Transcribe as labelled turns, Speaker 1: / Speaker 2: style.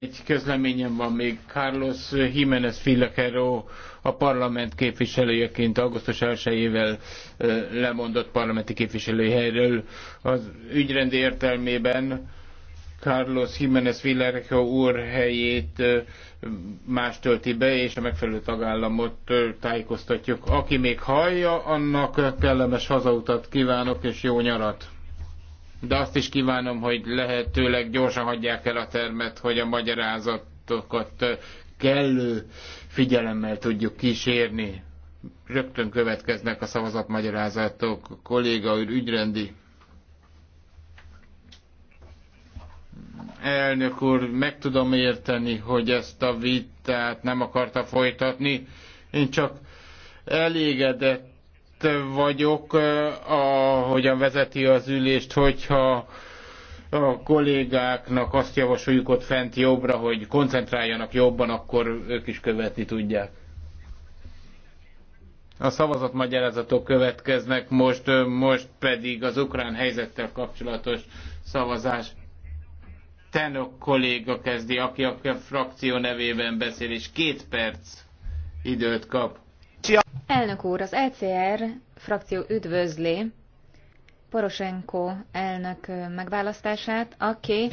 Speaker 1: Egy közleményem van még Carlos Jiménez Filakero, a parlament képviselőjeként augusztus 1-ével lemondott parlamenti képviselői helyről. Az ügyrend értelmében Carlos Jiménez Villarrejo úr helyét más tölti be, és a megfelelő tagállamot tájékoztatjuk. Aki még hallja, annak kellemes hazautat kívánok, és jó nyarat! de azt is kívánom, hogy lehetőleg gyorsan hagyják el a termet, hogy a magyarázatokat kellő figyelemmel tudjuk kísérni. Rögtön következnek a szavazatmagyarázatok. A kolléga úr ügyrendi. Elnök úr, meg tudom érteni, hogy ezt a vitát nem akarta folytatni. Én csak elégedett vagyok, eh, ahogyan vezeti az ülést, hogyha a kollégáknak azt javasoljuk ott fent jobbra, hogy koncentráljanak jobban, akkor ők is követni tudják. A szavazatmagyarázatok következnek most, eh, most pedig az ukrán helyzettel kapcsolatos szavazás. Tenok kolléga kezdi, aki a frakció nevében beszél, és két perc időt kap.
Speaker 2: Elnök úr, az ECR frakció üdvözli Poroshenko elnök megválasztását, aki